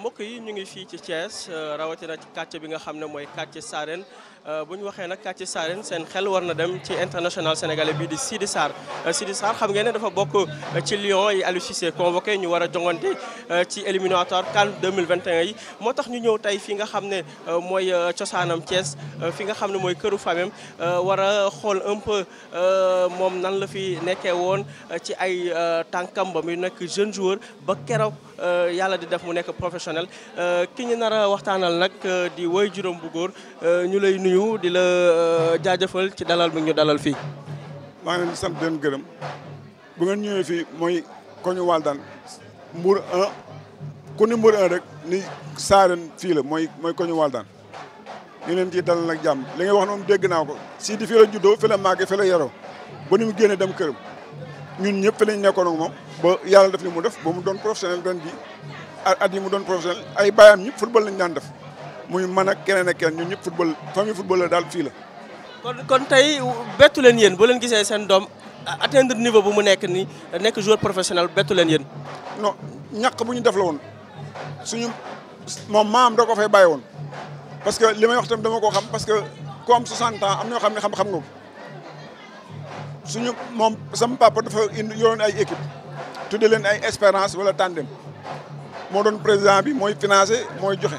mbokk yi ñu ngi fii ci Thiès euh, rawatina ci quartier bi nga xam ne mooy quartier Sarène Euh, bu ñu waxee nag kàcci saaren seen xel war na dem ci international sénégalais bii di Sidi Sarr euh, Sidi Sarr xam ngeen ne dafa bokk euh, ci Lyon yi Aliou Cissé convoqué ñu war a jongante ci éliminatoire CAN 2021 yi moo tax ñu ñëw tey fi nga xam ne mooy cosaanam Thiès fi nga xam ne mooy këru famem war a xool un peu moom nan la fi nekkee woon ci ay tànkam ba muy nekk jeune joueur ba keroog yàlla di def mu nekk professionnel ki ñu nar a waxtaanal nag di woy juróom bu góor nuyu di la euh, jaajëfal ci dalal bi ñu dalal fii. maa ngi leen di sant gërëm bu ngeen ñëwee fii mooy koñu Waldaan Mbour 1 ku ni rek ni saaren fii la mooy mooy koñu Waldaan ñu leen nag jàmm li wax noonu dégg naa ko si fii la juddoo fi la màggee ba ni mu dem këram ñun ñëpp fi lañ nekkoon ak moom ba yàlla def li mu def ba mu doon professionnel doon ji at yi mu doon professionnel ay baayam ñëpp football lañ daan def muy man ak keneen ak keneen ñun ñëpp football famille football daal fii la. kon kon tey bettu leen yéen boo leen gisee seen doom atteindre niveau bu mu nekk ni nekk joueur professionnel bettu leen yéen. non ñàkk bu ñu def la woon suñu moom maam da ko fay bàyyi woon parce que li may wax tam dama ko xam parce que ku am 60 ans am na yoo xam ne xam-xam nga ko suñu moom sama papa dafa indi yoroon ay équipe tudde leen ay espérance wala tandem moo doon président bi mooy financé mooy joxe.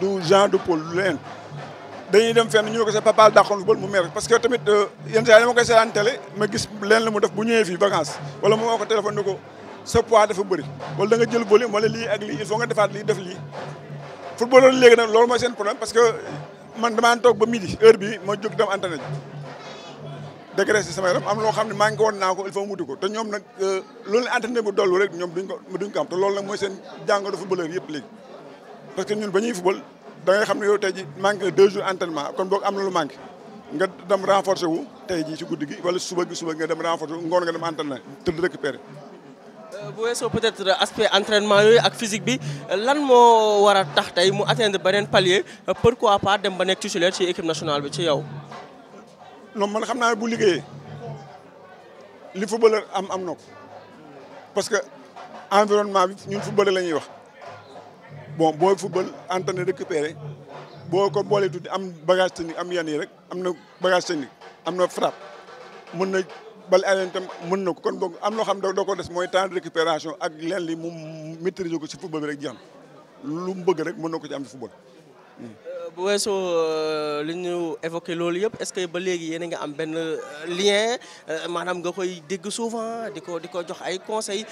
du Jean de Paul leen dañuy dem fenn ñu ko sa papa dàqoon football mu mer parce que tamit euh, yenn saa dama koy seetaan télé ma gis leen la mu def bu ñëwé fi vacances wala mu woo téléphone ko sa poids dafa bëri wala da nga jël volume wala li ak li il faut nga defaat li def li footballeur léegi nak loolu mooy seen problème parce que man dama toog ba midi heure bi ma jóg dem antenne ji dégraisser sama yaram am loo xam ne manqué woon naa ko il faut mu wuti ko te ñoom nag euh, loolu la antenne bu dollu rek ñoom duñ ko duñ ko am te loolu nag mooy seen jàngoro footballeur yëpp léegi parce que ñun ba ñuy football da ngay xam ne yow tey ji manqué deux jours entraînement kon boog am na lu manqué nga dem renforcer wu tey ji ci guddi gi wala suba gi suba nga dem renforcer wu ngoon nga dem entraîner tëdd récupérer euh, bu weesoo peut-être aspect entraînement yooyu ak physique bi lan moo war a tax tey mu atteindre beneen palier pourquoi pas dem ba nekk titulaire ci équipe nationale bi ci yow. non man xam naa bu liggéeyee li footballeur am am na ko parce que environnement bi ñun footballeur la ñuy wax. bon booy football entraîné récupéré boo ko boolee tuuti am bagage technique am yan yi rek am na bagage technique am na frappe mën na bal aleen tam mën na ko kon boog am loo xam da doo ko des mooy temps de récupération ak leen li mu maîtriser ko si football bi rek jeex na lu mu bëgg rek mën na ko ci am football bu weesoo euh, li ñu évoqué loolu yëpp est-ce que ba léegi yéen a nga am benn euh, lien euh, maanaam nga koy dégg souvent di ko di ko jox ay conseil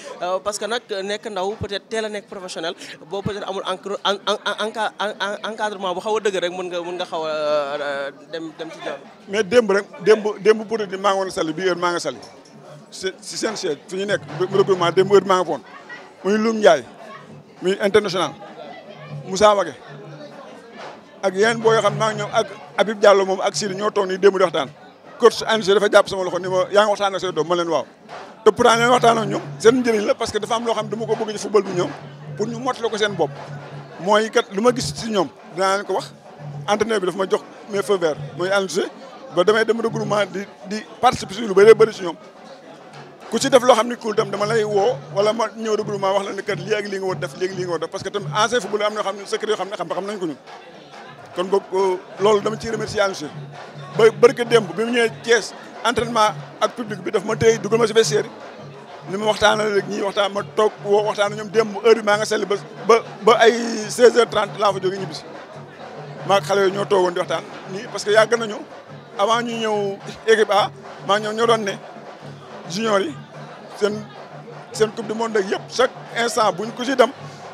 parce que nag nekk ndaw peut-être teel a nekk professionnel boo peut-être amul encadrement bu xaw a dëgg rek mën nga mën nga xaw a dem dem mais demb rek démb démb pour di maa ngi woon sali bii heure maa nga sali si seen siège fi ñu nekk regroupement démb heure maa nga foon muy Loum Ndiaye muy international Moussa Wagué ak yeneen boo yoo xam maa ngi ñoom ak Habib Diallo moom ak Sidi ñoo toog nii démb di waxtaan coach jàpp sama loxo ni ma yaa ngi waxtaan ak say doom ma leen waaw ko bëgg ci bi ñoom pour ñu mottali ko seen bopp mooy bi dafa ma jox mes na xam ko ñun kon boog loolu dama ci remercier ang si ba barke demb bimu mu ñëwee entraînement ak public bi daf ma téy duggal ma ci vestiaire ni ma waxtaanal ak ñi waxtaan ma tok wo waxtaan ñom demb heure ma nga sel ba ba ay 16h30 la fa jógee ñibbi ma xalé xale togon di waxtaan ni parce que yàgg nañu avant ñu ñëw équipe A ma ñoom ñoo donné junior yi sen sen coupe du monde yépp chaque instant buñ ko ci dem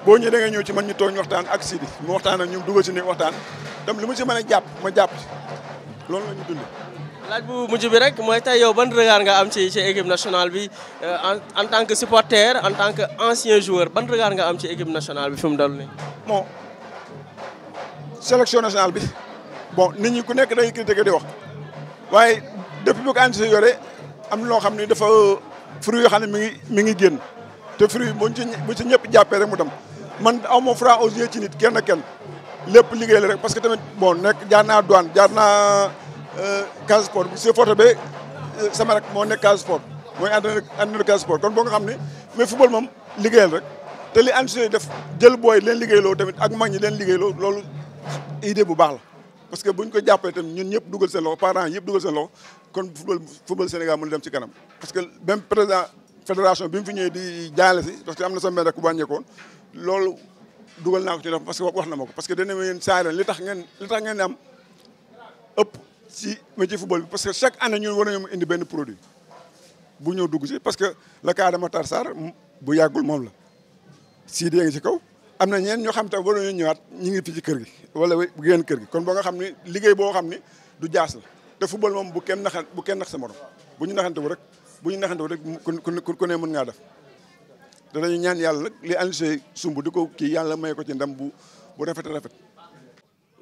bo ñëwee da nga ñëw ci man ñu tok ñu waxtaan ak Sidi mo waxtaan ak ñoom dugal si nekk waxtaan tam li mu ci mën a ma japp loolu lañu dund. laaj bu mujj bi rek moy tay yow ban regard nga am ci ci équipe nationale bi euh, en en tant que supporter en tant que ancien joueur ban regard nga am ci équipe nationale bi fum dal ni bon sélection nationale bi bon nit ñi ku nekk dañuy critiquer di wax waye depuis bu ko ANACIM yore am lo xamni dafa fruit yo xamni mi ngi genn te fruit buñ ci bu ci ñepp jappé rek mu dem man aw fra aux yeux ci nit kenn kenn. lépp liggéey la rek parce que tamit bon nekk jaar naa douane jaar naa euh, Casa Sport bu see photo be euh, sama rek moo nekk Casa Sport mooy entraîneur entraîneur Casa Sport kon boo nga xam ne mais football moom liggéeyal rek te li ANACIM def jël booy leen liggéeyloo tamit ak mag ñi leen liggéeyloo loolu idée bu baax la. parce que bu ñu ko jàppee tamit ñun ñëpp dugal seen loxo parents yëpp dugal seen loxo kon football football Sénégal mën dem ci kanam parce que même p fédération bi mu fi ñëwee di jaale si parce que am na sa mère rek ku wàññeekoon loolu. dugal naa ko ci dof parce que wax na ma ko parce que dana ma yéen saa li tax ngeen li tax ngeen am ëpp si métier football bi parce que chaque année ñun war nañoo indi benn produit bu ñëw dugg ci parce que le cas de Matar Sarr bu yàggul moom la sii dee ngi ci kaw am na ñeen ñoo xam te war nañoo ñëwaat ñu ngi fi ci kër gi wala bu génn kër gi kon boo nga xam ni liggéey boo xam ni du jaas la te football moom bu kenn naxa bu kenn nax sa morom bu ñu naxante wu rek bu ñu naxante wu rek ku ne mën ngaa def danañu ñaan yàlla li ANG sumbu diko ki yalla may ko ci ndam bu bu rafet rafet.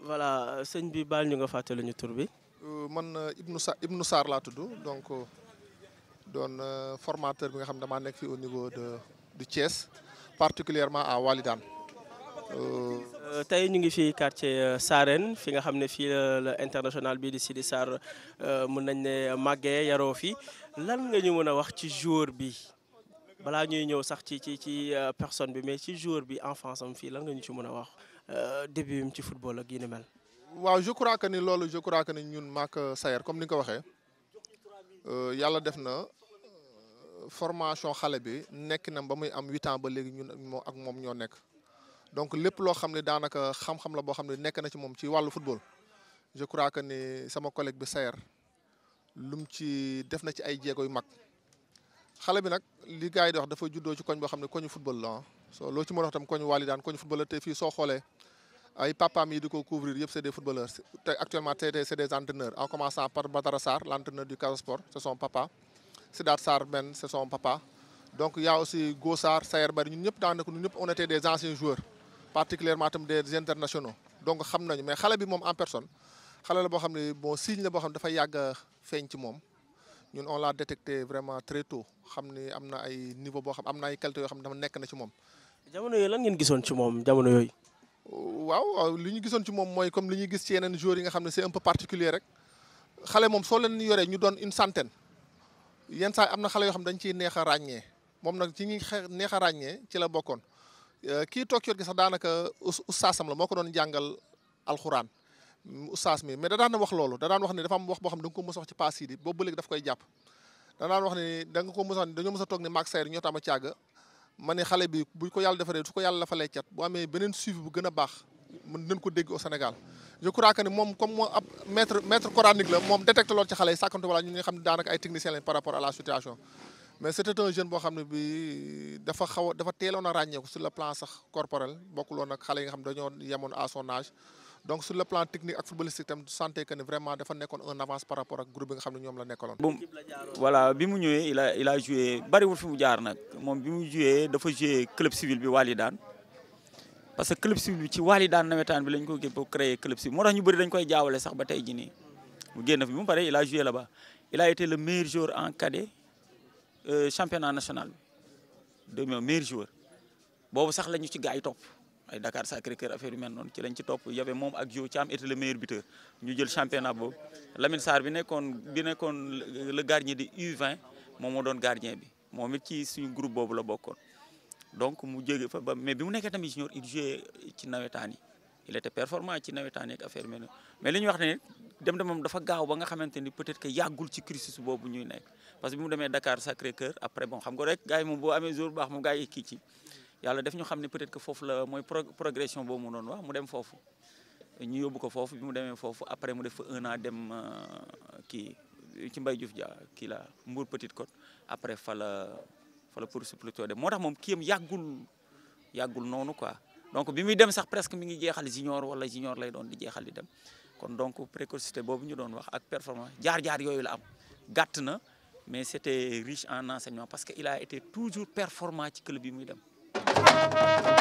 voilà señ bi bal ñu nga faté lañu tour bi. Euh, man euh, Ibnu Sa Ibnu sar la tuddu donc euh, don formateur bi nga xam dama nek fi au niveau de du Thiès particulièrement à walidan tay ñu ngi fi quartier saren fi nga xamne fi le international bi di Sidi Sarr mën nañ né màggee yaro fi lan nga ñu mëna wax ci jour bi balaa ñuy ñëw sax ci ci ci euh, personne bi mais ci joueur bi enfance am fii lan nga ñu ci mën a wax euh, début bi ci football ak yi ni mel. waaw je crois que ni loolu je crois que ni ñun maak Sayer comme ni nga ko waxee euh, yàlla def na formation xale bi nekk na ba muy am 8 ans ba léegi ñun ak moom ñoo nekk. donc lépp loo xam ne daanaka xam-xam la boo xam ne nekk na ci moom ci wàllu football je crois que ni sama collègue bi Sayer lum ci def na ci ay jéego yu mag. xale bi nag li gars yi di wax dafa juddoo ci koñ boo xam ne koñu football la so loo ci mën a tam koñu walidaan koñu soo xoolee ay papaam yi di ko couvrir yëpp c'est des footballeurs te actuellement tey c'est des entraîneurs en commençant par Badara Sarr l'entraîneur du Casa Sport c'est papa Sidaat Sarr men c'est son papa donc y a aussi Gossar Sayer Bari ñun ñëpp daanaka ñun ñëpp on était des anciens joueurs particulièrement tam des internationaux donc xam nañu mais xale bi moom en personne xale la boo xam ne bon signe la boo xam ne dafa yàgg feeñ ci moom ñun on l'a détecté vraiment très xam ni am na ay niveau boo xam am na ay qualité yoo xam ne dama nekk na ci moom. jamono yooyu lan ngeen gisoon ci moom jamono yooyu. waaw li ñu gisoon ci moom mooy comme li ñuy gis ci yeneen joueurs yi nga xam ne c'est un peu particulier rek xale moom soo leen yoree ñu doon une centaine yenn saa am na xale yoo xam dañ ciy neex a ràññee moom nag ci ñi neex a ràññee ci la bokkoon euh, kii toog yor gi sax daanaka sam la moo ko doon jàngal alxuraan. oustaz mi mais da daan wax loolu da daan wax ne dafa am wax boo xam ne da nga ko a ci paas di boobu ba léegi koy jàpp da daan wax ne da nga ko mos a dañoo mos a toog ne maag sayr ko yàlla defaree su ko yàlla dafalee cat a ko dégg au Sénégal je crois que ne moom moo ab maître maître coranique la moom détecté loolu ci xale yi sàkkantu wala xam ne daanaka ay techniciens dafa a teeloon a ràññeeku sur le plan sax corporel bokkul woon ak xale yi nga xam ne dañoo yemoon à donc sur le plan technique et footballistique tam santé que vraiment dafa nekkoon un avance par rapport ak groupe bi nga xamni ñom la nekkalon bon voilà bi mu il a il a joué bariwul fi mu jaar nak mom bi mu joué dafa joué club civil bi walidan parce que club civil bi ci walidan nawetaan bi lañ ko gëpp créer club civil mo tax ñu bari dañ koy jaawale sax ba tay jini mu génn fi mu paré il a joué là-bas il a été le meilleur joueur en cadet euh, championnat national bi de meilleur joueur bobu sax la ci gaay top ay Dakar Sacré-Cœur affaire yu mel noonu ci lañ ci topp y avait moom ak ci am été le meilleur buteur ñu jël championnat boobu Lamine sar bi nekkoon bi nekkoon le gardien de U20 moom moo doon gardien bi moom ci suñu groupe boobu la bokkoon donc mu jóge fa ba mais bi mu nekkee tamit junior il jouait ci nawetaan yi il était performant ci nawetaan yi ak affaire mel mais li ñu wax ne dem de moom dafa gaaw ba nga xamante ni peut-être que yàggul ci crisis boobu ñuy nekk parce que bi mu demee Dakar Sacré-Cœur après bon xam nga rek gars yi moom boo amee jour bu baax moom gars yi kii ci yàlla def ñu xam ne peut-être que foofu la mooy progression boobu mu doon wax mu dem foofu ñu yóbbu ko foofu bi mu demee foofu après mu def fa un an dem euh, kii ci Mbaye Diouf ja kii la Mbour Petite Côte après fa la fa la poursuivre plutôt dem moo tax moom kii am yàggul yàggul noonu quoi donc bi muy dem sax presque mi ngi jeexal junior wala junior lay doon di jeexal di dem kon donc précocité boobu ñu doon wax ak performance jaar-jaar yooyu la am gàtt na mais c'était riche en enseignement parce que il a été toujours performant ci club bi muy dem Música